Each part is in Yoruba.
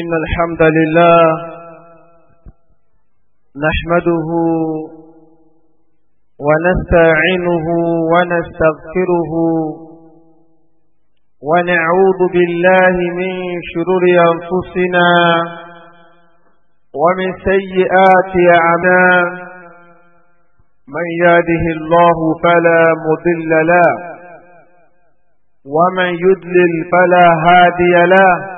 إن الحمد لله نحمده ونستعينه ونستغفره ونعوذ بالله من شرور أنفسنا ومن سيئات أعمال من يهده الله فلا مضل له ومن يضلل فلا هادي له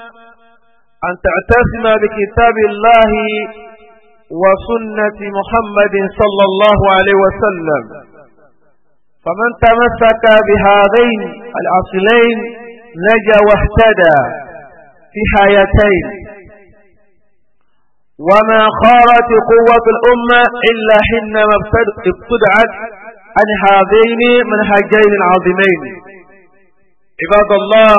أن تعتزم بكتاب الله وسنة محمد صلى الله عليه وسلم فمن تمسك بهذين الأصلين نجا واهتدى في حياتين وما خارت قوة الأمة إلا حينما ابتدعت عن هذين منهجين عظيمين عباد الله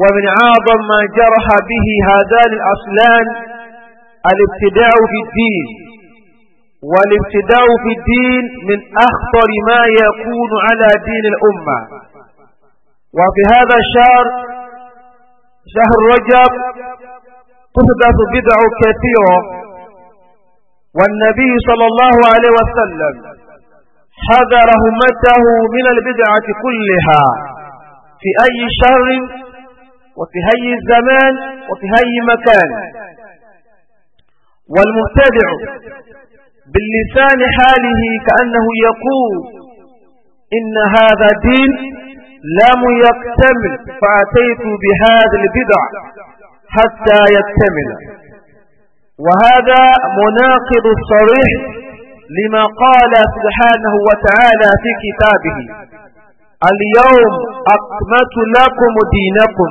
ومن أعظم ما جرح به هذان الأصلان الابتداء في الدين والابتداء في الدين من أخطر ما يكون على دين الأمة وفي هذا الشهر شهر رجب تحدث بدع كثيرة والنبي صلى الله عليه وسلم حذر همته من البدعة كلها في أي شهر وفي هي الزمان وفي هي مكان والمبتدع باللسان حاله كأنه يقول إن هذا دين لم يكتمل فأتيت بهذا البدع حتى يكتمل وهذا مناقض الصريح لما قال سبحانه وتعالى في كتابه اليوم أقمت لكم دينكم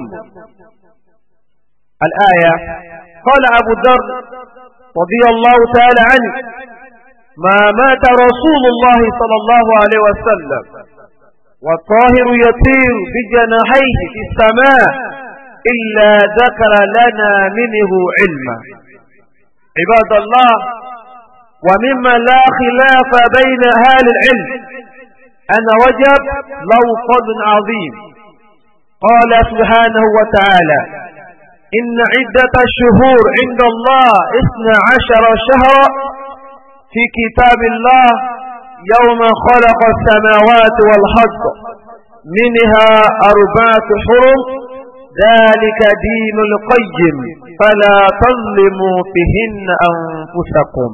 الآية قال أبو الذر رضي الله تعالى عنه ما مات رسول الله صلى الله عليه وسلم والطاهر يطير بجناحيه في السماء إلا ذكر لنا منه علما عباد الله ومما لا خلاف بين أهل العلم أن وجب لو فضل عظيم قال سبحانه وتعالى إن عدة الشهور عند الله اثنى عشر شهرا في كتاب الله يوم خلق السماوات والحق منها أربعة حرم ذلك دين القيم فلا تظلموا فيهن أنفسكم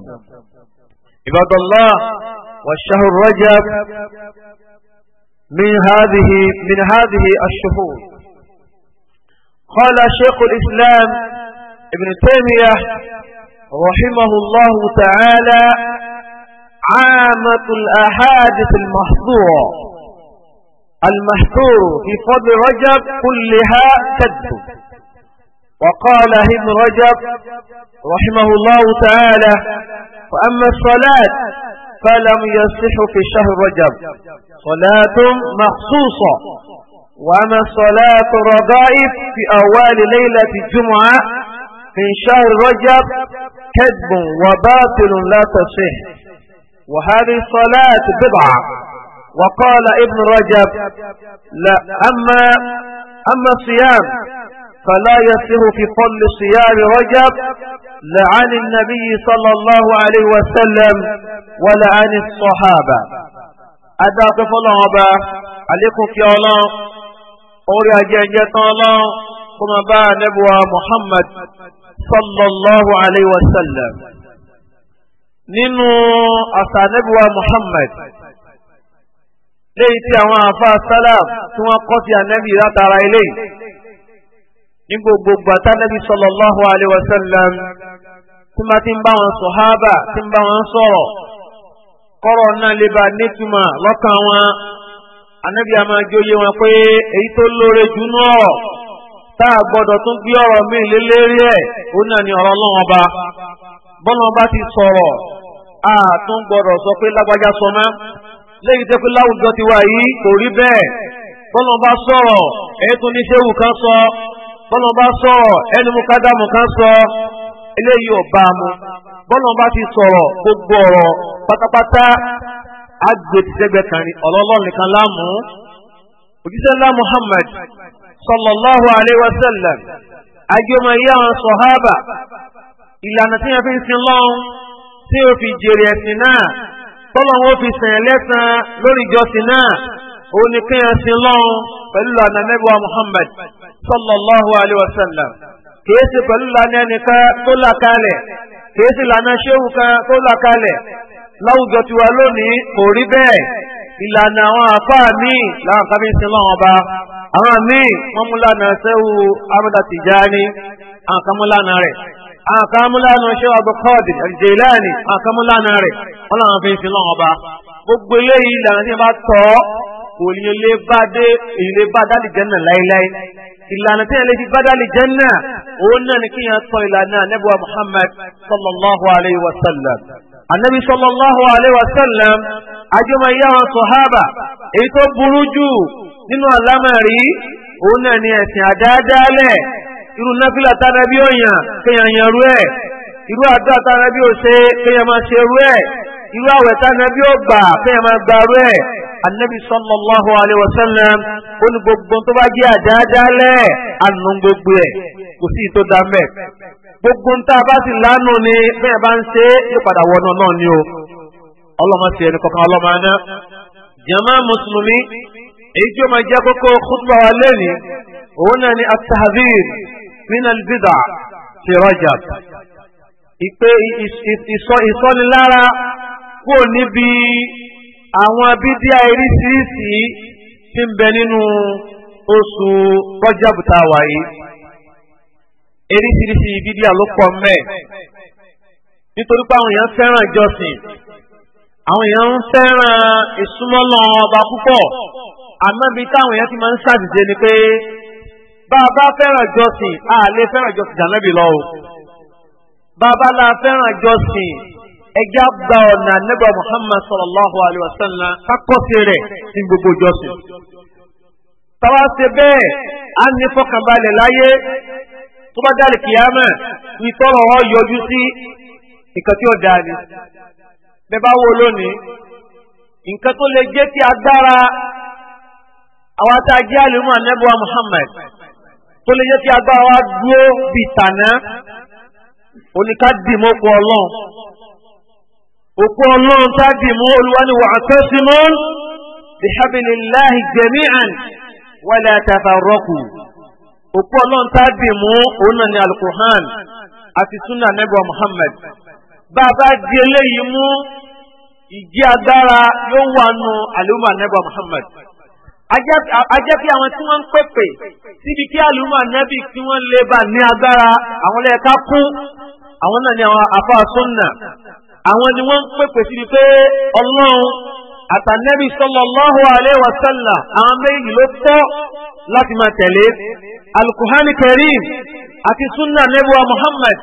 عباد الله والشهر رجب من هذه من هذه الشهور قال شيخ الإسلام ابن تيمية رحمه الله تعالى عامة الأحادث المحظورة المحظور في فضل رجب كلها كذب وقال ابن رجب رحمه الله تعالى وأما الصلاة فلم يصح في شهر رجب صلاة مخصوصة وأما صلاة الرغائب في أول ليلة الجمعة من شهر رجب كذب وباطل لا تصح وهذه الصلاة بضعة وقال ابن رجب لا أما أما الصيام فلا يصح في كل صيام رجب لا عن النبي صلى الله عليه وسلم ولا عن الصحابة أدعك فالله عليكم في الله orí ajẹ́jẹ́ tán ọlọ́run kó máa bá ànábùwà Muhammad sallallahu alayhi wa sallam nínú àṣà ànábùwà Muhammad léyìí tí àwọn àfa sálàm tí wọ́n kọ́ sí ànábì látara ilé ní gbogbo gbàtà ànábì sallallahu alayhi wa sallam tí máa ti ń bá wọn sọ̀hábà tí ń bá wọn sọ̀rọ̀ kọ́rọ̀ náà lè ba nítumọ̀ lọ́kàn wọn anabi a máa jóye wọn pé èyí tó lóore jù náà tá a gbọ́dọ̀ tún gbé ọ̀rọ̀ mi lélẹ́rí ẹ̀ ó náà ní ọ̀rọ̀ ọlọ́run ọba bọ́lá ọba ti sọ̀rọ̀ a tún gbọ́dọ̀ sọ pé lágbájá sọ mọ́ lẹ́yìn tó pé láwùjọ ti wà yìí kò rí bẹ́ẹ̀ bọ́lá ọba sọ̀rọ̀ èyí tún ní ṣéwù kan sọ bọ́lá ọba sọ̀rọ̀ ẹni mú kádàmù kan sọ eléyìí ọba mu bọ́lá ọba ti sọ̀rọ̀ gbogbo ọ̀rọ̀ pátápátá agbe ti sẹgbẹ kan ni ọlọlọrun nìkan láàmú òjíṣẹ́ ńlá muhammad sallallahu alayhi wa sallam agbẹmọ ìyá àwọn sọhábà ìlànà tí wọn fi ń sin lọ́hún tí ó fi jèrè ẹ̀sìn náà tọ́lọ̀ wọn fi sẹ̀yìn lẹ́sàn lórí ìjọsìn náà ó ní kí wọn sin lọ́hún pẹ̀lú lànà nẹ́bùwà muhammad sallallahu alayhi wa sallam kìí pẹ̀lú lànà ẹnìkan tó là kalẹ̀ kìí ṣéwù kan tó là láwùjọ tiwa lónìí kò rí bẹ́ẹ̀ ìlànà àwọn àfáà míì láwọn kábí sin lọ́wọ́ ọba àwọn míì wọ́n mú lánàá sẹ́wù amúdá Tìjání àwọn kan mú lánàá rẹ̀ àwọn kan mú lánàá sẹ́wù abukọ́ọ̀dì Jilani àwọn kan mú lánàá rẹ̀ wọ́n làwọn fi sin lọ́wọ́ ọba gbogbo eléyìí ìlànà tí wọ́n bá tọ́ kò ní lè bá dé èyí bá dálì jẹ́nà láéláé ìlànà tí yẹn lè fi bádà lè jẹ́ náà òun náà ni kí yẹn sọ ìlànà anábíwá Muhammad sallallahu alayhi wa sallam anábí sallallahu alayhi wa sallam ajọmọ ìyá wọn sọhábà èyí tó burú jù nínú àlámọ̀rí òun náà ni ẹ̀sìn àdáadáalẹ̀ irú náfìlà tánábí òyàn kéèyàn yan rú ẹ̀ irú àdúrà tánábí òṣè kéèyàn máa ṣe rú ẹ̀ irú àwẹ̀ tánábí ògbà kéèyàn máa gbà rú ẹ̀ anabi sallallahu alayhi wa sallam ó ní gbogbo tó bá jẹ́ àdáadáalẹ̀ àánú gbogbo ẹ̀ kò sí ìtò dá mẹ́ gbogbo tá a bá sì lánàá ni bẹ́ẹ̀ bá ń ṣe é ló padà wọnà náà ni o ọlọ́mọ ti ẹni kankan ọlọ́mọ aná jama mùsùlùmí èyí tí ó máa jẹ́ kókó kútùbà wa lẹ́ni òun náà ni atahadhir min albida ti rajab ìpè ìsọnilára kúrò níbi àwọn bídíà irísirísi tí ń bẹ nínú oṣù rọ́jàbùtà wáyé irísirísi bídíà ló pọ̀ mẹ́ nítorí pé àwọn èèyàn fẹ́ràn ìjọsìn àwọn èèyàn ń fẹ́ràn ìsúnmọ́lọ́ ọba púpọ̀ àmọ́ bí táwọn èèyàn ti máa ń ṣàdìde ni pé bá a bá fẹ́ràn ìjọsìn a lè fẹ́ràn ìjọsìn jàǹdàbí lọ o bá a bá la fẹ́ràn ìjọsìn ẹja gba ọ̀nà nígbà muhammad sallallahu alayhi wa sallam kakọ́sí rẹ̀ ní gbogbo jọ́sìn. tàwa ṣe bẹ́ẹ̀ á ní fọkànbalẹ̀ láyé tó bá dálì kìyàmà ìtọ́rọ̀ ọ yọjú sí nǹkan tí ó dáa ni. bẹ́ẹ̀ bá wo lónìí nǹkan tó lè jẹ́ ti agbára àwọn àtàjì àlùmọ́ anábọ́à muhammad tó lè jẹ́ ti agbára wa dúró bìtànà oníkádìmọ́kọ ọlọ́run òkú ọlọ́run tágì mú olúwaníwà àtọ́símọ́ bihablillahi jami'an wala tafarraqu òkú ọlọ́run tágì mú òun náà ní alukuhan àti sunna nebo muhammad bàbá di eléyìí mú ìjì agbára yóò wà nù àlùmọ̀ nebo muhammad ajẹ́ àwọn tí wọ́n ń pèpè síbi kí àlùmọ̀ nẹ́bì tí wọ́n lè bá ní agbára àwọn lẹ́ẹ̀ká kú àwọn náà ní àwọn afáàsúnnà àwọn ni wọ́n ń pèpè síbi pé ọlọ́run àtànẹ́bí sallallahu alaihi wa sallam àwọn méjì ló tọ́ láti máa tẹ̀lé alukuhani karim àti sunna nebuwa muhammad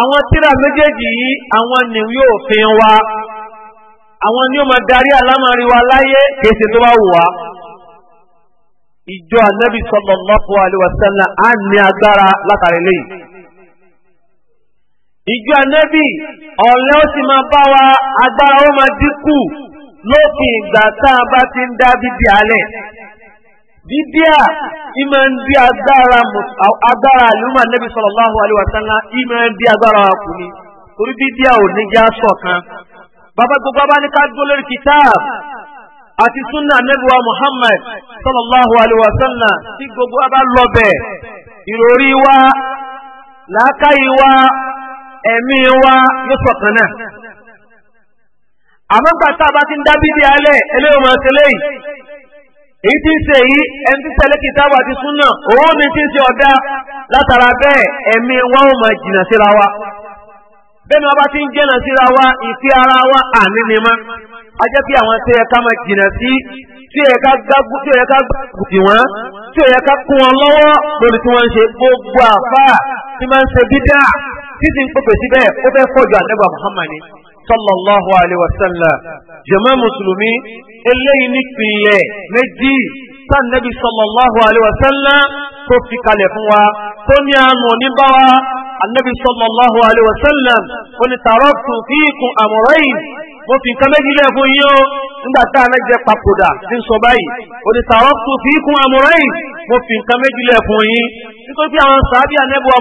àwọn tíra méjèèjì yìí àwọn ni yóò fi wa àwọn ni yóò máa darí àlámọ̀rí wa láyé kéṣe tó bá wù wá ìjọ ànẹ́bí sallallahu alaihi wa á ní agbára látàrí léyìí. ìjọ ànábì ọ̀lẹ́ ó sì máa bá wa agbára ó máa dínkù lópin ìgbà tá a bá ti ń dá bíbí alẹ̀. Bíbí à ìmọ̀ ń bí agbára àlùmọ̀ ànábì sallallahu alaihi wasallam ìmọ̀ ń bí agbára wa kù ni. Torí bíbí à ò ní já sọ̀kan. gbogbo ní ká gbó lórí ẹ̀mí wa yóò sọ̀kan náà àmọ́ gbà tá a bá ti ń dábí di alẹ́ eléyìí máa ṣe léyìí èyí tí ń ṣe èyí ẹni tí tẹ̀lé kìtàbù àti súnà òun ni tí ń ṣe ọ̀dá látara bẹ́ẹ̀ ẹ̀mí wa ó máa jìnnà síra wa bẹ́ẹ̀ ni wọ́n bá ti ń jẹ́nà síra wa ìfẹ́ ara wa àní ni mọ́ a jẹ́ kí àwọn tí yẹ ká máa jìnnà sí tí ó yẹ ká gbágun tí ó yẹ ká gbàgùn sí wọn tí ó yẹ ká kún wọn lọ́wọ́ lórí tí wọ́n ń ṣe gbogbo àfáà tí máa ń ṣe bídà títí ń pèpè síbẹ̀ ó fẹ́ kọjú àdẹ́gbà Muhammad ni sallallahu alayhi wa sallam jama musulumi eléyìí nípìnlẹ̀ méjì sanabi sallallahu alayhi wa sallam tó fi kalẹ̀ fún wa tó ní àánú oníbàwá anabi sallallahu alayhi wa sallam onítàrọ́kùn fíkùn amrayn. mo fi nǹkan méjì lẹ̀ fún yín o nígbà tá a lẹ́jẹ̀ papòdà ti ń sọ báyìí onítàwọ́ tó fi kún mo fi nǹkan méjì fún yín nítorí àwọn sàábì anẹ́bùwà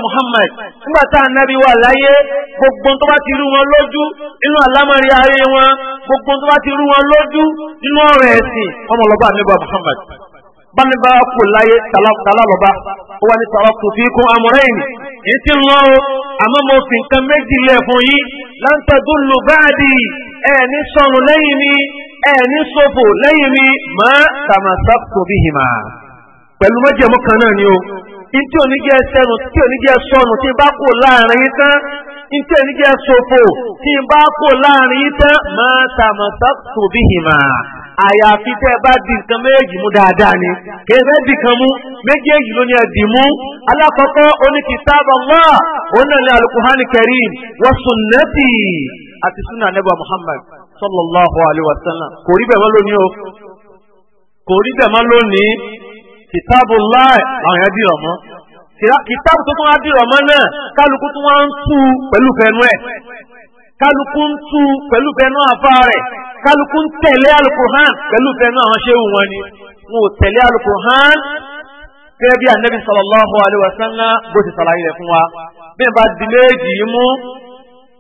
láyé gbogbo tó bá ti rú wọn lójú nínú àlámọ̀rí ayé wọn gbogbo tó bá wọn lójú ẹ̀sìn ọmọlọ́gbà anẹ́bùwà láyé ó wà ní ẹni sọnù lẹ́yìn mi ẹni sọfò lẹ́yìn mi má tàmásàkò bí hìmà pẹ̀lú májẹ̀mú kan náà ni o ntí oníjẹ sẹnu tí oníjẹ sọnù tí bá kó láàrin yìí tán ntí oníjẹ sọfò tí bá kó láàrin yìí tán má tàmásàkò bí hìmà àyàfi tẹ́ ẹ bá di nǹkan méjì mú dáadáa ni kì í fẹ́ di kan mú méjèèjì ló ní ẹ dì mú alákọ̀ọ́kọ́ oní kitab Allah àti sunna nebo muhammad sallallahu alayhi wa sallam kò rí bẹ́ẹ̀ mọ́ lónìí o kò rí bẹ́ẹ̀ mọ́ lónìí kìtàbù láì àwọn yẹn dìrọ̀ mọ́ kìtàbù tó tún wá dìrọ̀ mọ́ náà kálukú tún wá ń tú pẹ̀lú fẹnu ẹ̀ kálukú ń tú pẹ̀lú fẹnu àfa rẹ̀ kálukú ń tẹ̀lé alukur'an pẹ̀lú fẹnu àwọn ṣéwù wọn ni wọn ò tẹ̀lé alukur'an gẹ́gẹ́ bí anabi sallallahu alayhi wa sallam bó ti sàlàyé rẹ̀ fún wa bí ẹ bá dilé èjì yìí mú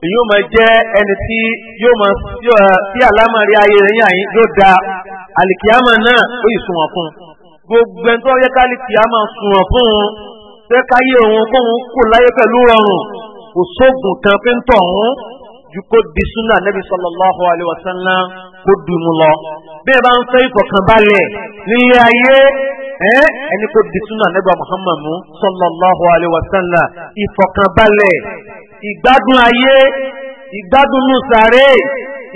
èyí ó máa jẹ́ ẹni tí yóò máa tí àlámọ̀rí ayé rẹ̀ yàn yín yóò da àlìkíyàmà náà ó yìí sunwọ̀n fún un gbogbo ẹni tó yẹ ká àlìkíyàmà sunwọ̀n fún un fẹ́ káyé òun kóun kò láyé pẹ̀lú rọrùn kò sóògùn kan pé ń tọ̀ òun ju kó di súnà nẹ́bí sallallahu alaihi wasallam kó dùn mú lọ bẹ́ẹ̀ bá ń fẹ́ ìfọ̀kànbalẹ̀ nílé ayé ẹni kò di súnà nẹ́gbà Muhammad mu sallallahu alaihi wasallam ìfọ̀kànbalẹ̀ ìgbádùn ayé ìgbádùn nùsàrè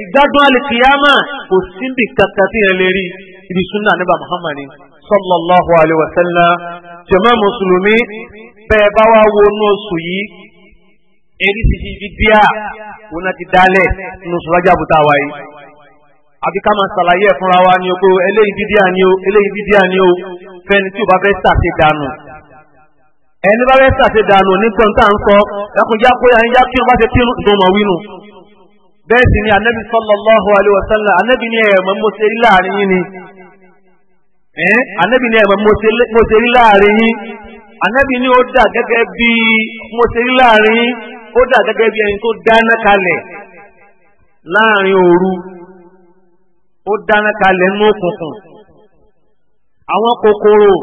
ìgbádùn alìkìyàmà kò síbi kankan tí yẹn lè rí ibi súnà nẹ́gbà Muhammad ni sallallahu alaihi wasallam jàmá mùsùlùmí bẹ́ẹ̀ bá wá wo inú oṣù yìí èyí ti fi bíbíà wọn náà ti dálẹ̀ nù sùlájà bùtà wáyé àbí ká máa ṣàlàyé ẹ̀ fúnra wa ni o pé eléyìí bídíà ni o eléyìí bídíà ni o fẹ́ni tí o bá fẹ́ ṣàṣe dànù ẹni bá fẹ́ ṣàṣe dànù nígbọ̀n tá ń sọ dákunjá pé à ń kírun bá ṣe kírun tó wínú. bẹ́ẹ̀ sì ni anabi sallallahu alaihi wasallam anabi ni ẹ̀ mọ̀ mo ṣe rí láàrin yín ni anabi ni ẹ̀ mọ̀ mo ṣe rí láàrin yín anabi ni ó dà gẹ́gẹ́ bí mo ṣe láàrin yín ó dà gẹ́gẹ́ bí ẹni tó dáná kalẹ̀ láàrin òru ó dáná kalẹ̀ ní òkùnkùn àwọn kòkòrò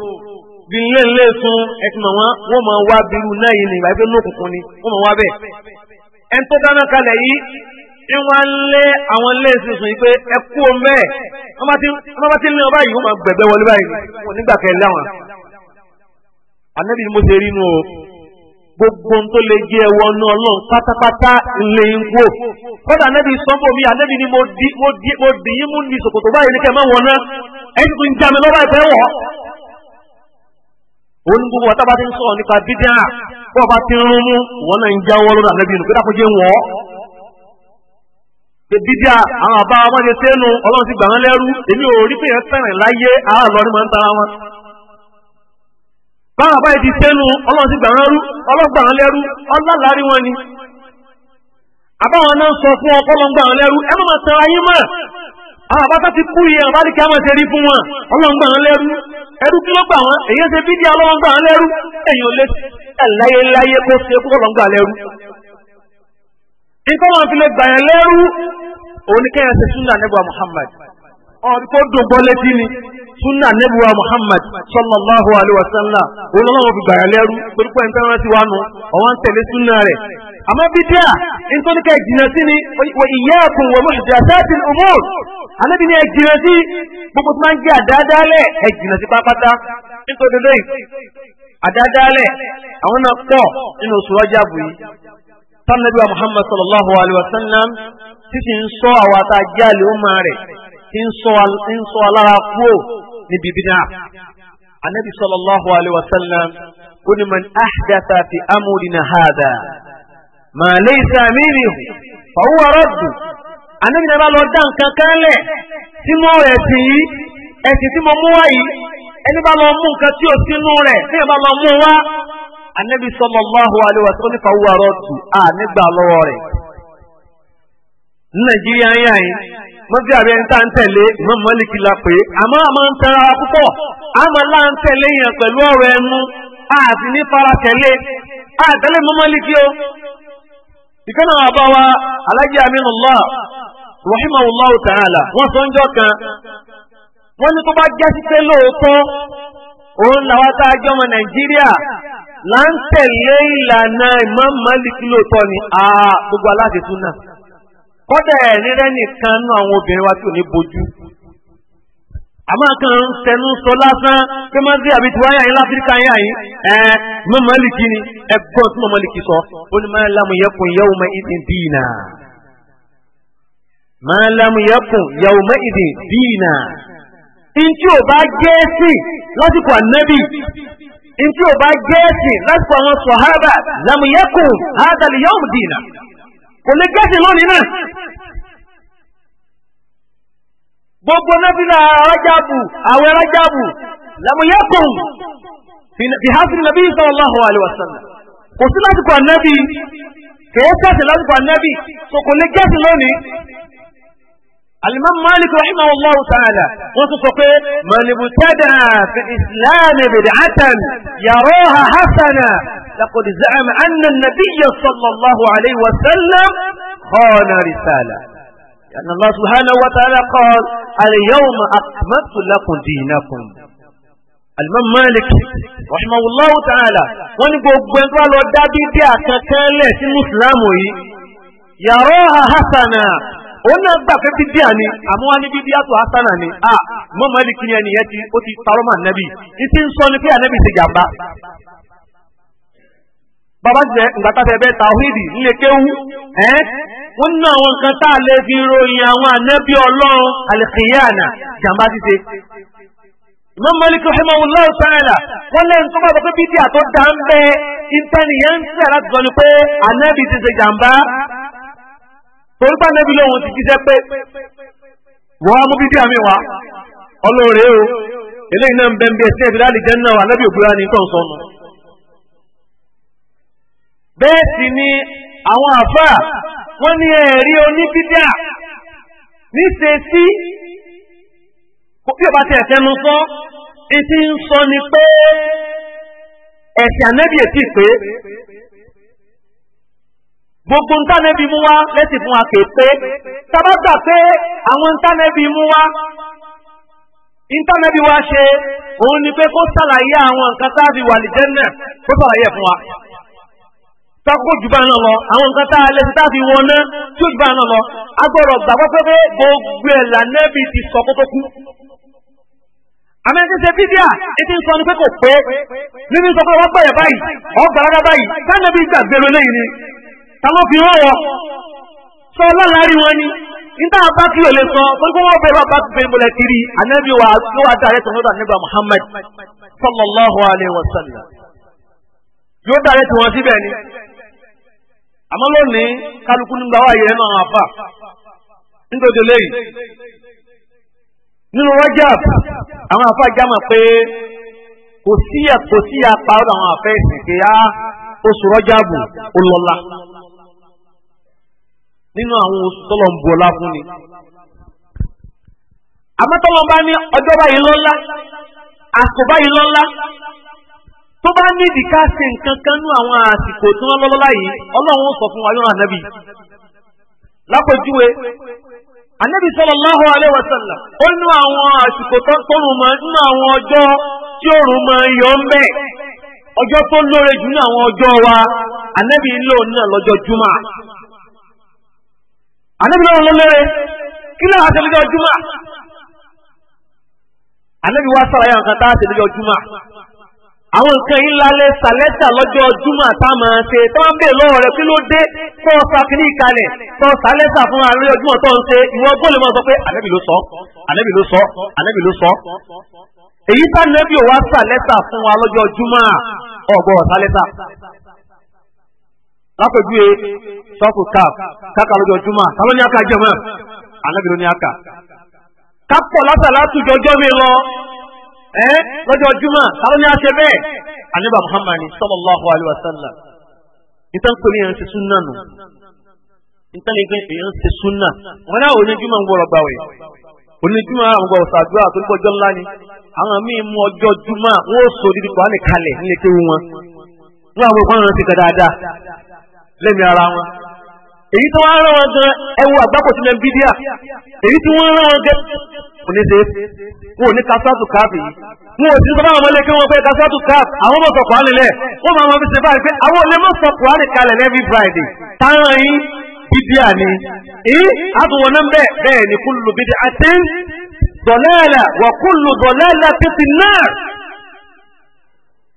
bí ilé ilé sun ẹtùmọ̀ wọn wọ́n máa wá bírú náà yìí ní ìgbà pé ní òkùnkùn ni wọ́n máa wá bẹ́ẹ̀ ẹn tó dáná kalẹ̀ yìí ni wá ń lé àwọn ilé ìsinsìn yìí pé ẹ kú o mẹ́ẹ̀ wọ́n bá ti lé wọn báyìí wọ́n máa gbẹ̀gbẹ́ wọlé báyìí wọ́n nígbà kẹ́lẹ́ àwọn ànábì mo ṣe rí nu o gbogbo tó lè gé ẹwọ náà lọ́n pátápátá lè ń wò kódà nẹ́bí sọ́mbò mi ànẹ́bí ni mo di mo di mo di yín mú ní ṣòkòtò báyìí ní kẹ́mẹ́ wọn náà ẹni tó ń já mi lọ́wọ́ ìfẹ́ wọ̀. òun ní gbogbo ọ̀tá bá ti ń sọ̀rọ̀ nípa dídá bó ọba ti ń rún mú wọn náà ń já wọn lọ́dọ̀ ànẹ́bí nù kódà kó jẹ́ wọ́n. dídá àwọn àbá wọn ti sẹ́nu ọlọ́run ti gbà wọn lẹ́rú èmi ò rí pé yẹn fẹ́ràn láyé àárọ̀ ni báwọn báyìí ti sẹ́nu ọlọ́run ti gbàrán rú ọlọ́gbà wọn lẹ́rú ọlọ́láàrí wọn ni àbáwọn náà sọ fún ọkọ ọlọ́gbà wọn lẹ́rú ẹ máa tan ayé mọ́ àwọn àbáta ti kú yẹn àbá dìkẹ́ àmọ́ ṣe rí fún wọn ọlọ́gbà wọn lẹ́rú ẹrú kí ló gbà wọn èyí ṣe lẹ́rú èyàn lé ẹ̀láyé láyé kó ṣe kó lẹ́rú fi lè Muhammad ọ̀rí tó dùn gbọ́ létí ni sunna nebuwa muhammad sallallahu alaihi wasallam òun lọ́wọ́ fi gbàyà lẹ́rú pẹ̀lúpọ̀ ẹni tẹ́wọ́n ti wá nu ọ̀wọ́n ń tẹ̀lé sunna rẹ̀ àmọ́ bídíà nítorí ká ìjìnà sí ni wọ iyyakum wa muhdathatil umur anábì ní ẹ̀jìnà sí gbogbo tí máa ń jẹ́ àdáadáalẹ̀ ẹ̀jìnà sí pápátá nítorí lóyìn àdáadáalẹ̀ àwọn náà pọ̀ nínú oṣù ọjà bù yìí tánàbíwa muhammad sallallahu alaihi wasallam títí ń sọ àwọn àtàjáàlì ó máa ń sọ alára kúrò níbi bídà. Anabi sallallahu alayhi wa sallam ó ní man ahdatha fi amúrinà hàdà. Mà laysa minhu fa huwa radd. Anabi náà bá lọ dá nǹkan kan lẹ̀ sínú ẹ̀sìn yìí ẹ̀sìn tí mo mú wá yìí ẹni bá lọ mú nǹkan tí ò sínú rẹ̀ tí ìyẹn bá lọ mú wá. Anabi sallallahu alayhi wa sallam fa huwa à nígbà lọ́wọ́ rẹ̀. Nàìjíríà ń yà yín mọ́bí ààrẹ ń tà ń tẹ̀lé mọ́ mọ́lìkì la pé àmọ́ àmọ́ ń tẹ́ra wa púpọ̀ àmọ́ là ń tẹ̀lé yẹn pẹ̀lú ọ̀rọ̀ ẹnu àti ní fara tẹ̀lé àtẹ̀lé mọ́ mọ́lìkì o. ìkànnì àwọn àbá wa alájí aminullah rahimahullah ta'ala wọ́n sọ ń jọ kan wọ́n ní tó bá jásí pé lóòótọ́ òun làwọn tá a jọ ọmọ nàìjíríà là ń tẹ̀lé ìlànà Imam Malik lóòótọ́ ni àà gbogbo aláṣẹ náà. kọ́dà ẹ̀ rírẹ́ nìkan nú àwọn obìnrin wa tí ò ní bojú àmọ́ kan ń tẹnu sọ lásán pé máa ń dé àbí tiwáyà yín láfíríkà yín àyín ẹ mọ mọ́lìkì ni ẹgbọ́n tí mọ sọ ó ní máa lámù yẹkùn yẹwò mọ ìdìn dìínà máa lámù yẹkùn yẹwò mọ ìdìn dìínà ntí ò bá gẹ́ẹ́sì lásìkò ànábì ntí ò bá gẹ́ẹ́sì lásìkò àwọn kò lè gẹ́sìn lónìí náà gbogbo nábìlà rájàbù àwẹ̀ rájàbù lẹ́mùyẹ́kùn fi hafi nàbí sallallahu alaihi wasallam kò sí lásìkò ànábì kò ó gẹ́sìn lásìkò ànábì kò kò lè gẹ́sìn lónìí alimami malik rahimahu allah ta'ala wọ́n tún sọ pé manibutẹ́dà fi islam bid'atan yaroha hasana laqad za'ama anna nabiyya sallallahu alayhi wa sallam khana risala. لأن الله سبحانه وتعالى قال اليوم أكملت لكم دينكم Al-Imam Malik rahimahullahu ta'ala wọ́n ní gbogbo ẹgbẹ́ lọ dá bíbí àkànkẹ́ lẹ̀ sínú ìsìlámù yìí yàrá hasana òun náà gbà pé bídíà ni àmọ́ wá ní a mọ́mọ́ ẹni kìnìyàn nìyẹn ti ti parọ́ mọ́ ànábì ìtì ni pé ànábì ti jàmbá. jẹ ǹgbàtà tẹ bẹ tàwíìdì nílé ẹ wọn tá a lè fi ròyìn àwọn ànábì ọlọ́run àlìkìyàna jàmbá ti Imam Malik rahimahullah wọ́n lẹ́yìn tó bá bọ́ pé bídíà dá ń bẹ ń ni torí bá nẹ́bí lóhun ti jíṣẹ́ pé wọ́n á mú bíbí àmì wá ọlọ́ọ̀rẹ́ o eléyìí náà ń bẹ́ẹ̀ bí ẹsẹ̀ ìdílé àlìjẹ́ náà wà nẹ́bí ògbúra ní tó ń sọ. bẹ́ẹ̀ sì ni àwọn àfà wọ́n ní ẹ̀rí oníbíbíà níṣe sí bí o bá ti ẹ̀fẹ́ nu sọ etí ń sọ ni pé ẹ̀sìn ànẹ́bí ètí pé gbogbo ntánẹ́bí mú wá lẹ́sìn fún wa kè pé tábà gbà pé àwọn ntánẹ́bí mú wá ntánẹ́bí wa ṣe òun ni pé kó sàlàyé àwọn nǹkan tá a fi wà lìjẹ́nà kó sàlàyé fún wa tako juba náà lọ àwọn nǹkan tá a lẹ́sìn tá a fi wọn náà tí ó juba náà lọ a gbọ́dọ̀ gbàgbọ́ pé gbogbo ẹ̀ lànẹ́bí ti sọ kókó kú àmì ẹni bíbíà ètí ń sọ ní pé kò pé nínú sọ pé gbọ̀yẹ̀ báyìí ọ̀gbàràdà báyìí sànẹ́bí gbàgbé lónìí ni ta ló fi rán wọ sọ ọlọ́run wọn ni nígbà bá kí o lè sọ pé kí wọ́n bá kiri wa wà dáre tó nígbà sallallahu alayhi wa sallam yóò dáre tó síbẹ̀ ni àmọ́ lónìí kálukú nígbà wà yẹn náà àfà nítorí lẹ́yìn nínú àwọn àfà pé kò sí sí apá ọ̀dọ̀ àwọn àfẹ́ ìsìnkè á oṣù nínú àwọn osu tọ́lọ̀ ń bu ọlá fún ni. àmọ́ ní ọjọ́ báyìí lọ́lá àsìkò báyìí lọ́lá tó bá nídi ká ṣe nǹkan kan nú àwọn àsìkò tí wọ́n lọ́lọ́lá yìí ọlọ́run sọ fún wa ànábì. lápòjúwe ànábì sallallahu alaihi wasallam ó nú àwọn àsìkò tọ́rùn mọ́ nínú àwọn ọjọ́ tí òòrùn mọ́ ń bẹ̀ ọjọ́ tó lóore jù àwọn ànábì lọ́rùn ló lére kí ló àti lọ́jọ́ júmọ́ ànábì wá sàlàyé àwọn kan tá a ti lọ́jọ́ júmọ́ àwọn nǹkan yìí lálẹ́ sàlẹ́sà lọ́jọ́ júmọ́ tá a máa ṣe tó ń bè lọ́wọ́ rẹ̀ kí ló dé tó o sa kìíní kalẹ̀ tó o sàlẹ́sà fún wa lọ́jọ́ júmọ́ tó ń ṣe ìwọ bọ́ọ̀lù máa sọ pé ànábì ló sọ ànábì ló sọ ànábì ló sọ èyí tá ànábì ò wá sàlẹ́sà fún wa lọ́jọ́ júmọ́ ọ̀gbọ̀ sàlẹ́sà lápẹjúwe sọfù káf káka lọ́jọ́ júmọ́ tálọ ní aka jẹmọ anábìrún ní aka kápọ̀ látàlá tùjọjọ́ mi lọ ẹ lọ́jọ́ júmọ́ ní aṣẹ bẹ́ẹ̀ anábà muhammad sallallahu alayhi wa sallam nítorí pé ní súnà nù nítorí pé súnà wọn náà ń wẹ̀ àwọn ọ̀sàdúrà tó ń ńlá ni àwọn míì mú ọjọ́ sọ kọ́ kalẹ̀ nílé lẹ́mi ara wọn èyí tí wọ́n rán wọn gan ẹwu àgbákò sílẹ̀ ń bídíà èyí tí wọ́n rán wọn gan kò ní ṣe wọn ò ní kásátù káàbì yìí wọn ò sí sọ fáwọn ọmọlé kí wọn fẹ́ kásátù káàbì àwọn ọmọ sọkùn ánilẹ̀ wọn máa wọn fi ṣe báyìí pé àwọn olè mọ sọkùn ánì kalẹ̀ lẹ́bí friday táwọn yín bídíà ni èyí àtúwọ̀n náà bẹ́ẹ̀ bẹ́ẹ̀ ni kúlù bídíà àti dọ̀lẹ́ẹ̀lẹ̀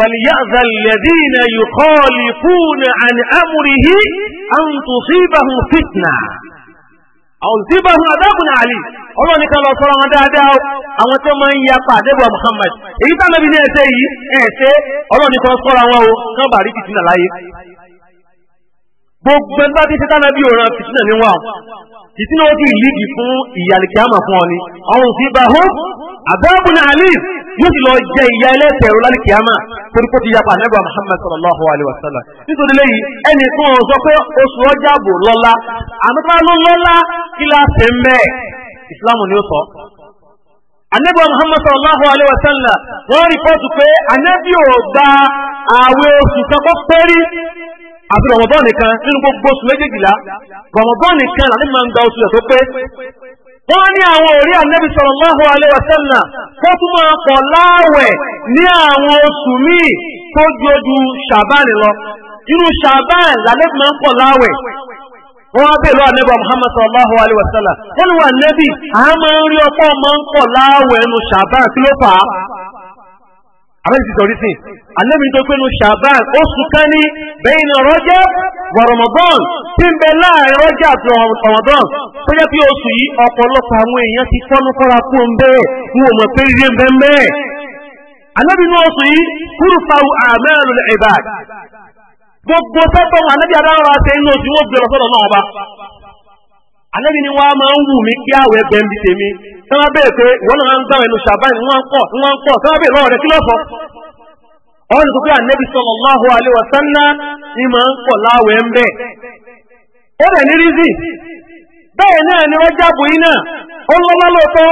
فليأذ الذين يخالفون عن أمره أن تصيبهم فتنة أو تصيبهم عذاب عليم ọlọ́run ní ká lọ sọ́rọ̀ wọn dáadáa àwọn tó máa ń yapa àdébọ̀ Muhammad èyí tá lóbi ní ẹsẹ̀ yìí ẹ̀ẹ́sẹ̀ ọlọ́run ní kan sọ́ra wọn o kán bá rí fìtínà láyé gbogbo ẹgbẹ́ fìtínà ìtínà ó sì lídì fún ìyàlìkíámà fún ọ ni ọ̀hún sí bá hó àbábùn alif yóò sì lọ jẹ ìyá ẹlẹ́sẹ̀ ẹ̀rọ lálìkíámà torí kó ti yapa nẹ́bà Muhammad sallallahu alayhi wa sallam nítorí lẹ́yìn ẹni tó ń sọ pé oṣù ọjà bò lọ́lá àmọ́tá ló lọ́lá kí la ṣe ń bẹ́ẹ̀ ìsìlámù ni ó sọ. Anẹ́bà Muhammad sallallahu alayhi wa sallam wọ́n rìpọ́tù pé anẹ́bí ò gba àwẹ̀ oṣù kan kó pẹ́rí àti rọmọdán nìkan nínú gbogbo oṣù méjèèjìlá rọmọdán nìkan láti máa ń gba oṣù rẹ̀ tó pé wọ́n ní àwọn òrí ànábì sallallahu alaihi wasallam kó tún máa pọ̀ láàwẹ̀ ní àwọn oṣù míì tó ju ṣàbán lọ irú ṣàbán làlẹ́bí máa ń pọ̀ láàwẹ̀ wọ́n wá bèèrè ànábì Muhammad sallallahu alaihi wọ́n ní wà ànábì àmọ́ ń rí ọpọ́ máa ń pọ̀ láàwẹ̀ nù ṣàbán kí ló fà á àbẹ́ni ti sọ̀rí sí alẹ́mi tó pé nu ṣàbán oṣù kan ní bẹ́yìn rọ́jẹ́ wọ̀rọ̀mọ̀dán tí ń bẹ láàrin rọ́jẹ́ àti ọ̀rọ̀mọ̀dán tó jẹ́ pé oṣù yìí ọ̀pọ̀lọpọ̀ àwọn èèyàn ti tọ́nu kọ́ra kú ń bẹ́ẹ̀ ń wò mọ̀ pé rírí ń bẹ́ẹ̀ bẹ́ẹ̀ alẹ́mi ní oṣù yìí kúrúfàù àmẹ́rù ìbà gbogbo sẹ́tọ̀ alẹ́mi adára ṣe inú oṣù wọn gbẹ̀rọ̀ sọ́dọ̀ náà ọba alẹ́mi ni wọ́n máa ń wù mí kí àwẹ̀ bẹ́ẹ̀ sábà bẹ̀rẹ̀ pé wọ́n náà ń gbàwẹ̀ ní ṣàbáyé ni wọ́n ń pọ̀ wọ́n ń pọ̀ sábà bẹ̀rẹ̀ lọ́wọ́ rẹ̀ kí lọ́fọ̀ ọ̀rọ̀ ní sọ́kúrò ànẹ́bí sallallahu alaihi wasallam ni máa ń pọ̀ láwẹ̀ ń bẹ̀. ó rẹ̀ ní rízì bẹ́ẹ̀ náà ni wọ́n jábọ̀ yín náà ó ń lọ́wọ́ lóòótọ́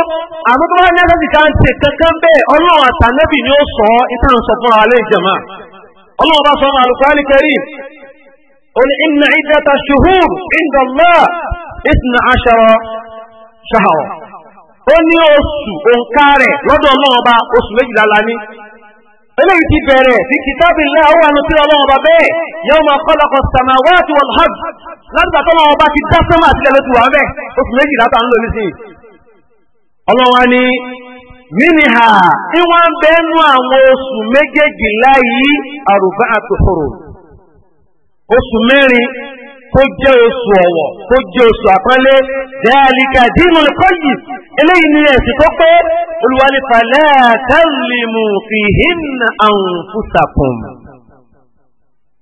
àmọ́ tó bá ní ẹ̀sẹ̀ ti ká ń ṣe kankan bẹ́ẹ̀ ọlọ́run àtànẹ́bì ni ó sọ ọ́ ìtàn sọ fún àwọn alẹ́ ìjọba ọlọ́run bá sọ ọmọ Al-Qur'an Al-Karim قل إن عدة شهور عند الله ó ní oṣù òǹkà rẹ̀ lọ́dọ̀ ọba oṣù méjìlá ní. eléyìí ti bẹ̀rẹ̀ sí kìtàbí ńlá àwọn àlùtí ọlọ́run ọba bẹ́ẹ̀ yẹ́wò máa kọ́ lọ́kọ̀ sàmà wáàtí wọn hàn látìgbà tó ọlọ́run ọba ti dá sọ́mà àtìlẹ̀ ló wà bẹ́ẹ̀ oṣù méjìlá tá à ń lò ní sìn. ni wọ́n ń àwọn oṣù tó jẹ́ oṣù ọ̀wọ̀ tó jẹ́ oṣù àpọ́nlé dhalika dinul qayyim eléyìí ni ẹ̀sìn tó pé olùwàlẹ̀ fala tazlimu fihinna anfusakum.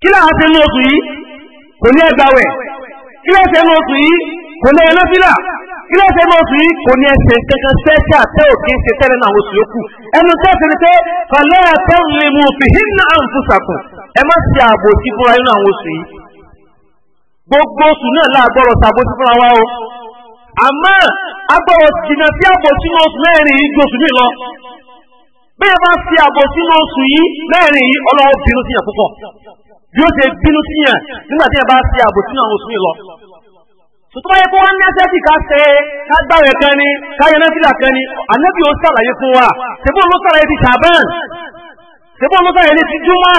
kí láà ṣe ní oṣù yìí kò ní ẹgbàwẹ̀ kí láà ṣe ní oṣù yìí kò ní ẹlọ́fílà kí láà ṣe ní oṣù yìí kò ní ẹsẹ̀ kankan sẹ́ṣà tẹ́ òkè ṣe tẹ́lẹ̀ náà oṣù yòókù ẹnu tó ṣe ni pé fala tazlimu fihinna anfusakum ẹ má ṣe àbòsí fúnra nínú àwọn oṣù yìí gbogbo oṣù náà láàgbọ́rọ̀ ṣàbòsí fúnra wa o àmọ́ agbọ́rọ̀ jìnnà sí àbòsí ní oṣù mẹ́rin yìí ju oṣù mi lọ bẹ́ẹ̀ bá fi àbòsí ní oṣù yìí mẹ́rin yìí ọlọ́wọ́ bínú síyàn púpọ̀ bí ó ṣe bínú síyàn nígbà tí ẹ bá fi àbòsí ní oṣù mi lọ. tuntun báyẹn kó wọn ní ẹsẹ tí ká ṣe ká gbàwẹ̀ kan ni ká yẹn lẹ́fìlà kan ni ànábì ó ṣàlàyé fún wa ṣèbó ló ṣàlàyé ti ṣàbẹ́ẹ̀ ṣèbó ló ṣàlàyé ti júmọ́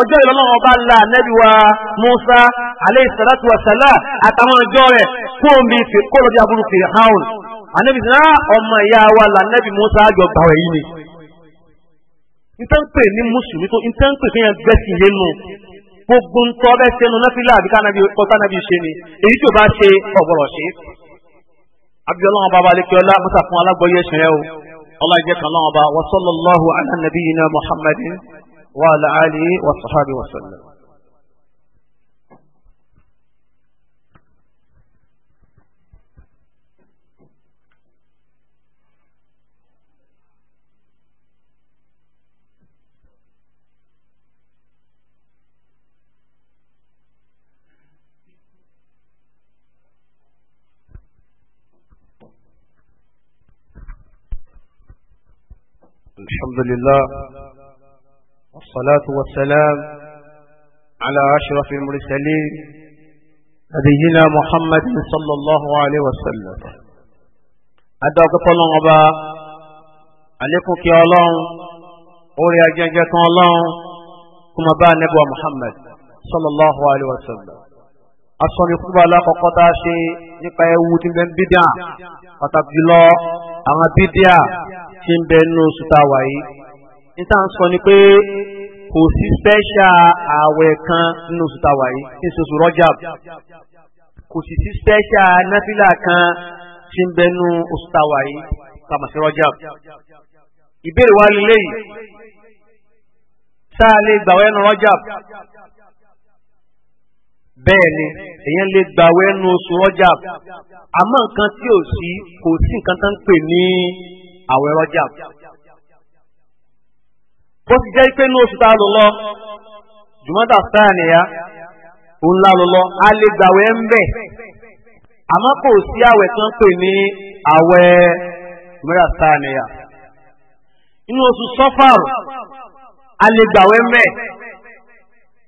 ọjọ́ ìlọ́lọ́wọ́ bá la nẹ́bí wa Musa aleyhisalatu wasala àtàwọn ọjọ́ rẹ̀ kó omi fi kó lọ́dí aburú fi hàn ànẹ́bí sọ ah, ọmọ ìyá wa la nẹ́bí Musa àjọ gbàwẹ̀ yìí ni. ntẹ́ǹpẹ̀ ní mùsùlùmí tó ntẹ́ǹpẹ̀ fi hàn bẹ́sì yé nu gbogbo ntọ́ bẹ́ sẹ́nu náfìlà àbíká nàbí kọ́tà nàbí ṣe ni èyí tí o bá ṣe ọ̀bọ̀rọ̀ ṣe. abiyọ́lọ́wọ́n bàbá alekiola وعلى آله وصحبه وسلم الحمد لله والصلاة والسلام على أشرف المرسلين نبينا محمد صلى الله عليه وسلم أدعوك طلع أبا عليكم يا الله أولي أجنجة الله كما بان نبوة محمد صلى الله عليه وسلم أصلا يقول الله قطع شيء نقا يوت من بدع قطع الله أما بدع تنبنو ستاوي إنت أنصني kò sí spẹ́ṣà ààwẹ̀ kan nínú oṣù tàwa yìí ní oṣù Rajab kò sì sí spẹ́ṣà náfìlà kan tí ń bẹ nínú oṣù tàwa yìí tàmàṣí Rajab. ìbéèrè wa lílé yìí tá a lè gbàwẹ̀ nínú Rajab bẹ́ẹ̀ ni èèyàn lè gbàwẹ̀ nínú oṣù Rajab àmọ́ nǹkan tí ò sí kò sí nǹkan tó ń pè ní àwẹ̀ Rajab. o si je ike inu osu taa jumata staaniya o nla lulo a wee mbe, amapu osi aweta nkweni awe mera staaniya inu osu sopaa a legba wee mbe,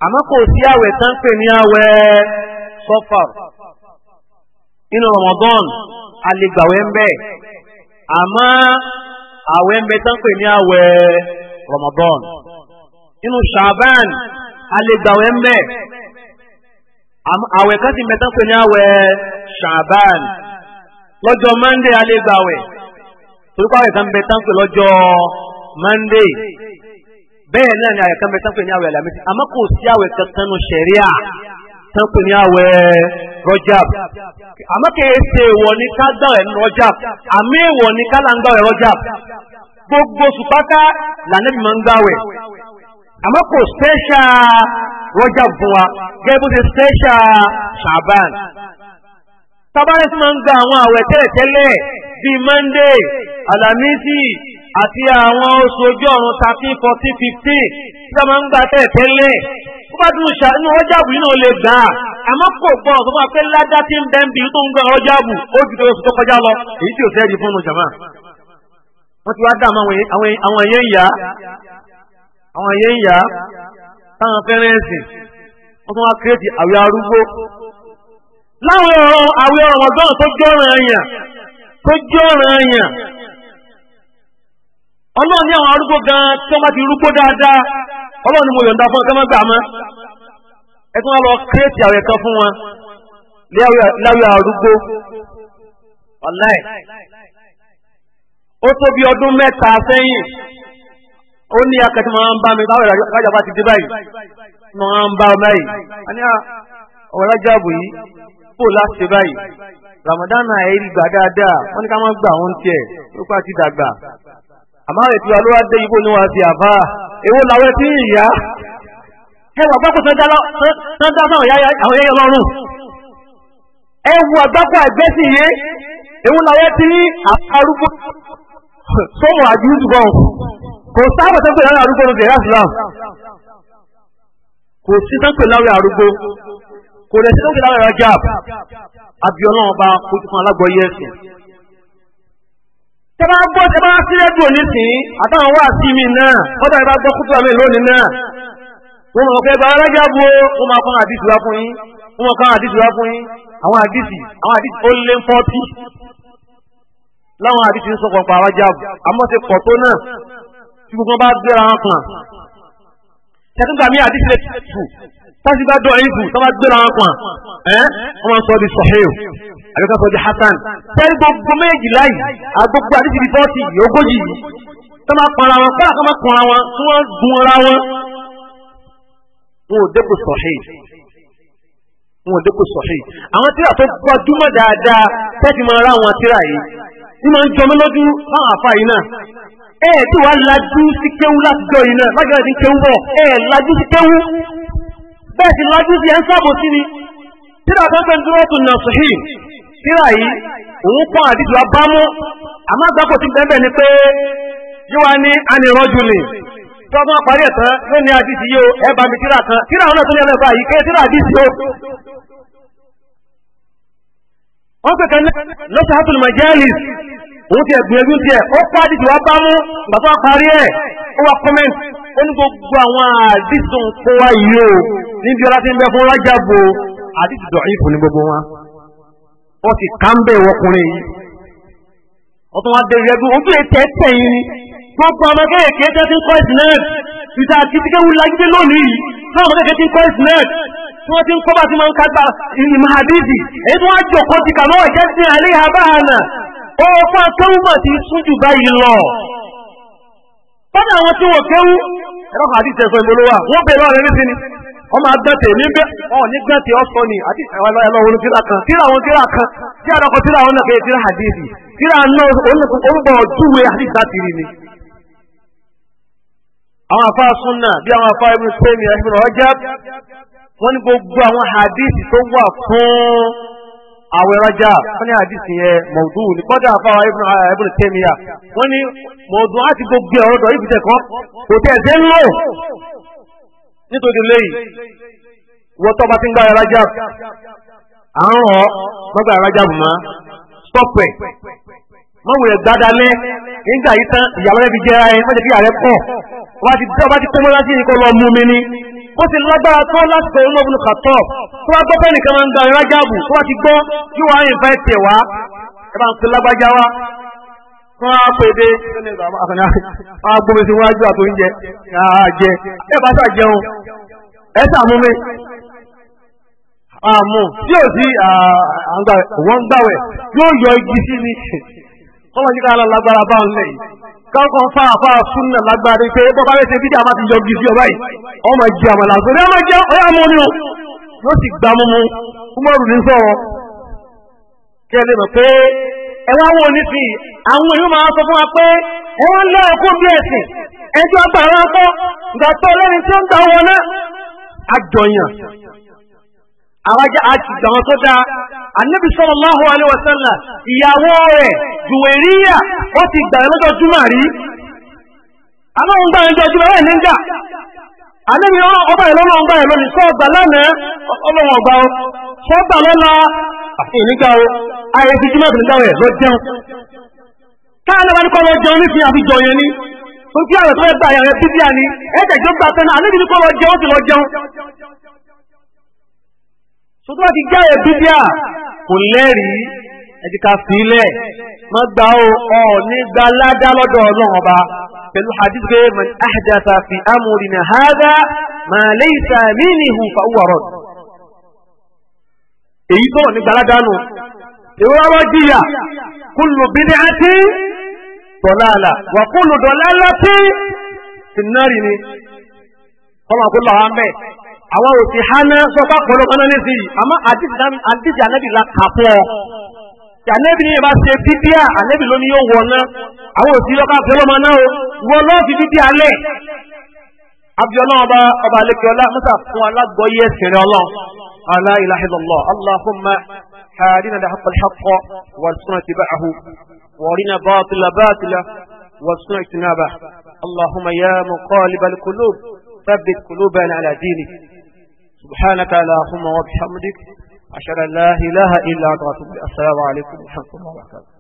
amapu osi aweta nkweni awe sopa inu omodon a legba wee nbe amaa awenbe ta nkweni awe Ramadan inú Ṣàbán alẹ́gbàwẹ̀ ń bẹ̀ àwẹ̀ kan ti mẹ́ta pé ní àwẹ̀ Ṣàbán lọ́jọ́ mọ́ndé alẹ́gbàwẹ̀ torípa àwẹ̀ kan mẹ́ta pé lọ́jọ́ mọ́ndé bẹ́ẹ̀ náà ni àwẹ̀ kan mẹ́ta pé ní àwẹ̀ alamisi àmọ́ kò sí àwẹ̀ kankan nù ṣẹ̀ríà tán pè ní àwẹ̀ Rajab àmọ́ kìí ṣe èèwọ̀ ní ká gbàwẹ̀ Rajab àmì èèwọ̀ ní ká gbogbo sùpáká lànàbì máa ń gbáwẹ̀ àmọ́ kò spẹ́ṣà rọ́jà bùn wa gẹ́gẹ́ bó ṣe spẹ́ṣà ṣàbàn tabarí máa ń gba àwọn àwẹ̀ tẹ́lẹ̀tẹ́lẹ̀ bíi monday alamisi àti àwọn oṣù ojú ọ̀run thirteen fourteen fifteen tí a máa ń gba tẹ́lẹ̀tẹ́lẹ̀ ó bá dùn ṣá inú ọjàbù yìí náà lè gbà á àmọ́ kò gbọ́ ọ̀sán fún wa pé ládá tí ń bẹ́ẹ̀ tó ń gba ọjàbù ó ju tó kọjá lọ èyí tí ò sẹ́ẹ̀dì fún un jàmá wọ́n ti wá dààmú àwọn èèyàn ìyá àwọn èèyàn ìyá táwọn fẹ́ràn ẹ̀sìn wọ́n tún wá kírètì àwẹ̀ arúgbó láwọn ọ̀rọ̀ àwẹ̀ ọ̀rọ̀mọ̀gbọ́n tó jọ́ràn ẹ̀yàn tó jọ́ràn ẹ̀yàn ọlọ́run ní àwọn arúgbó gan-an tí wọ́n bá ti rúgbó dáadáa ọlọ́run ni mo yọ̀ǹda fún ọ kẹ́mọ́ gbà mọ́ ẹ tún wá lọ kírètì àwẹ̀ kan fún wọn láwẹ̀ arúgbó ó tó bí ọdún mẹ́ta sẹ́yìn ó ní akẹ́tí máa ń bá mi báwo ìrajà bá ti dé báyìí máa ń bá ọ báyìí a ní ọ̀rọ̀ ìrajà yìí pò láti báyìí Ramadan àìrí gbà dáadáa wọ́n ní ká máa gbà wọ́n tiẹ̀ ó pa ti dàgbà àmọ́ àwọn ètò àlọ́ adé ibo ni wọ́n ti àbá èwo làwọn ti ń yá ẹ wà gbọ́kọ̀ sọ́jà sáwọn yáyà àwọn yáyà ọlọ́run ẹ wù àgbákò àgbẹ́sìn yé èwo làwọn ti ń àbá arúgbó sọ́wọ́ àjíjù gan kò sábà tó ń pè láwẹ̀ arúgbó ló dẹ̀rẹ́ islam kò sí tó ń pè láwẹ̀ arúgbó kò lè sí tó ń pè láwẹ̀ rajab abiola ọba kojú fún alágbọ̀yé ẹ̀sìn. tẹ́lá gbọ́ tẹ́lá sí rẹ́díò nísìnyí àtàwọn wá sí mi náà ọ̀dà ìbá gbọ́ kútu àmì lónìí náà wọ́n mọ̀ pé ẹgbà rajab wo wọ́n máa kọ́ àdìsí wá fún yín wọ́n máa kọ́ àdìsí wá fún yín àwọn àdìsí àwọn àdìsí ó lé fọ́tì láwọn àdìsí ń sọ̀kọ̀ pa Rajabu àmọ́ ti pọ̀ tó náà tí gbogbo bá gbéra wọn kan tẹ̀túgbà mi àdìsí lè tù tọ́sí bá dọ̀ ẹ̀yìn tù tọ́ bá gbéra wọn kan ẹ́ wọ́n sọ di sọ̀hẹ́ò àbíká sọ di hasan tẹ́lẹ̀ gbogbo méjìlá yìí àgbogbo àdìsí di fọ́ọ̀tì yìí ogójì yìí tọ́ máa pọnra wọn kọ́lá kan máa pọnra wọn tí wọ́n gun ara wọn. wọn ò dépò sọ̀hẹ́ wọn ò dépò sọ̀hẹ́ àwọn tíra tó gbajúmọ̀ dáadáa tẹ́tì máa ra àwọn tíra yìí ìmọ̀ ń jọmọ́ lójú fáwọn àfà yìí náà ẹ̀ tí wàá lajú sí kéwú láti jọ yìí náà lágbára ti kéwú bọ̀ ẹ̀ lajú sí kéwú bẹ́ẹ̀ sì lajú sí ẹ̀ ń sábò sí ni tíra tó fẹ́ dúró tó nà sùhì tíra yìí òun pọ́n àdìsù abámú àmọ́ àgbàpọ̀ ti bẹ́ẹ̀ ni pé yíwa ní anìrọ́jú ni tí wọ́n parí ẹ̀tán ló ní àdìsí yìí ó ẹ̀ bá mi tíra kan tíra àwọn náà tó ní ẹlẹ́fà yìí ké wọ́n pẹ̀kẹ́ lọ́sẹ̀ hàtùl majalis òun ti ẹ̀gbìyànjú ti ẹ̀ ó pàdé tí wá bá mú bàbá parí ẹ̀ ó wá kọ́mẹ́ntì ó ní gbogbo àwọn àdìsùn kó wá yìí o níbi ọlá tí ń bẹ fún rájàbò àdìsùn dọ̀yìn fún ní gbogbo wọn ó ti ká ń bẹ̀ wọkùnrin yìí ó tún wá dé ìrẹ́gbẹ́ òun tún lè tẹ́ tẹ̀yìn ni wọ́n pa ọmọ kéèké tẹ́ ti ń kọ́ ìsìn náà ìta àti tíkéwu tí wọ́n ti ń kọ́ bá ti máa ń kágbá ìmàdìdì èyí tí wọ́n á ti kà lọ́wọ́ ìjẹ́ sí àlẹ́ àbáhànà ó fún akéwù mà ti sún jù báyìí lọ. Bọ́dà àwọn tí wọ́n ẹ̀rọ kan wọ́n ọ̀rẹ́ ni wọ́n máa gbẹ̀tẹ̀ níbẹ̀ ọ̀ ní ọ̀sọ́ ni àti tíra kan tíra tíra tíra wọ́n ní gbogbo àwọn hadith tó wà fún àwẹ̀ rajà wọ́n ní hadith yẹn mọ̀dù ní kọ́dà àfáwà ibùn eh, tẹ́míyà wọ́n ní mọ̀dù á ti gbogbo ọ̀rọ̀ dọ̀ ibùsẹ̀ kan kò tẹ̀ dé lò nítorí lẹ́yìn wọ́n tọ́ bá ti ń gbà rajà àárọ̀ gbọ́gbà rajà mọ́ stop ẹ̀ mọ̀wé ẹ̀ gbádalẹ́ nígbà yìí tán ìyàwó rẹ̀ fi jẹ́ ara ẹ̀ mọ́jẹ́ kí ààrẹ pọ̀ wọ́n ti tẹ́ bó ti lágbára tó láti pẹ̀lú ọmọbìnrin kàtọ́ tó wá gbọ́ pẹ́ẹ́nì kan máa ń gba ìrora jáàbù tó wá ti gbọ́ yóò wá ìfẹ́ tẹ̀ wá ẹ bá ń pe lágbájá wá tó wá pè dé agbómi sí wájú àtúnjẹ àjẹ ẹ bá sà jẹun ẹ sàmú mi àmú tí ò sí wọ́n gbàwẹ̀ yóò yọ igi sí ni kọ́mọ̀jíkà alágbára báwọn lẹ́yìn káwọn fa àfa súnà lágbára pé bọ́ bá lè ṣe bídà máa ti yọ gidi ọba yìí ọmọ ìjì àmàlà àgbèrè ọmọ ìjì ọyà mú ni o yóò sì gbà mú mu kúmọ̀rù ní sọ̀rọ̀ kí ẹ lè mọ̀ pé ẹ wá wò nísìnyí àwọn èèyàn máa sọ fún wa pé ẹ wá lé ọkọ bí ẹsìn ẹjọ́ àgbà wọn kọ́ ìgbà tó lẹ́ni tí ó ń ta wọn náà àjọyàn àwájá àti ìgbàwọn tó dáa annabi sallallahu alaihi wasallam iyawo rẹ̀ jùwèríyà ó ti gbà lọ́jọ́ júmọ̀ rí aláwọn gbà lọ́jọ́ júmọ̀ rẹ̀ nígbà alẹ́mi ọba ìlọ́nà ọgbà ìlú ní sọ́ọ̀gbà lánàá ọlọ́wọ̀n ọgbà ó sọ́ọ̀gbà lọ́la ìnígbà ó ayé fi júmọ̀ tó bá ti já ẹ̀ bíbíà kò lẹ́rìí ẹ̀dí ká sílẹ̀ wọ́n gba ọ nígbà ládá lọ́dọ̀ ọlọ́run ọba pẹ̀lú hadith pé man ahdatha fi amrina hadha ma laysa minhu fa huwa rad. èyí tó nígbà ládá nù jìyà kullu bid'ati dalala wa kullu dalalati fi an-nar ni kọ́mọ̀ kó àwọn òsì hana sọ́pá pọ̀lọ́pọ̀lọ́ ní sí àmọ́ àdíjì ànábì la kà fún ọ ànábì ní ìbá ṣe bíbíà ànábì ló ní yóò wọ̀ ná àwọn òsì lọ́pá pọ̀lọ́mọ náà wọ́n lọ́ọ́ fi bíbí alẹ́ abiola ọba ọba aleke ọlá musa fún alágbọ̀yé ẹsẹ̀rẹ̀ ọlọ́run ala ilaha illallah allahumma hadina da haqqal haqqa wa sunna tibahu wa rina batila batila wa sunna tinaba allahumma ya muqalibal qulub ثبت قلوبنا على دينك سبحانك اللهم وبحمدك أشهد أن لا إله إلا أنت السلام عليكم ورحمة الله وبركاته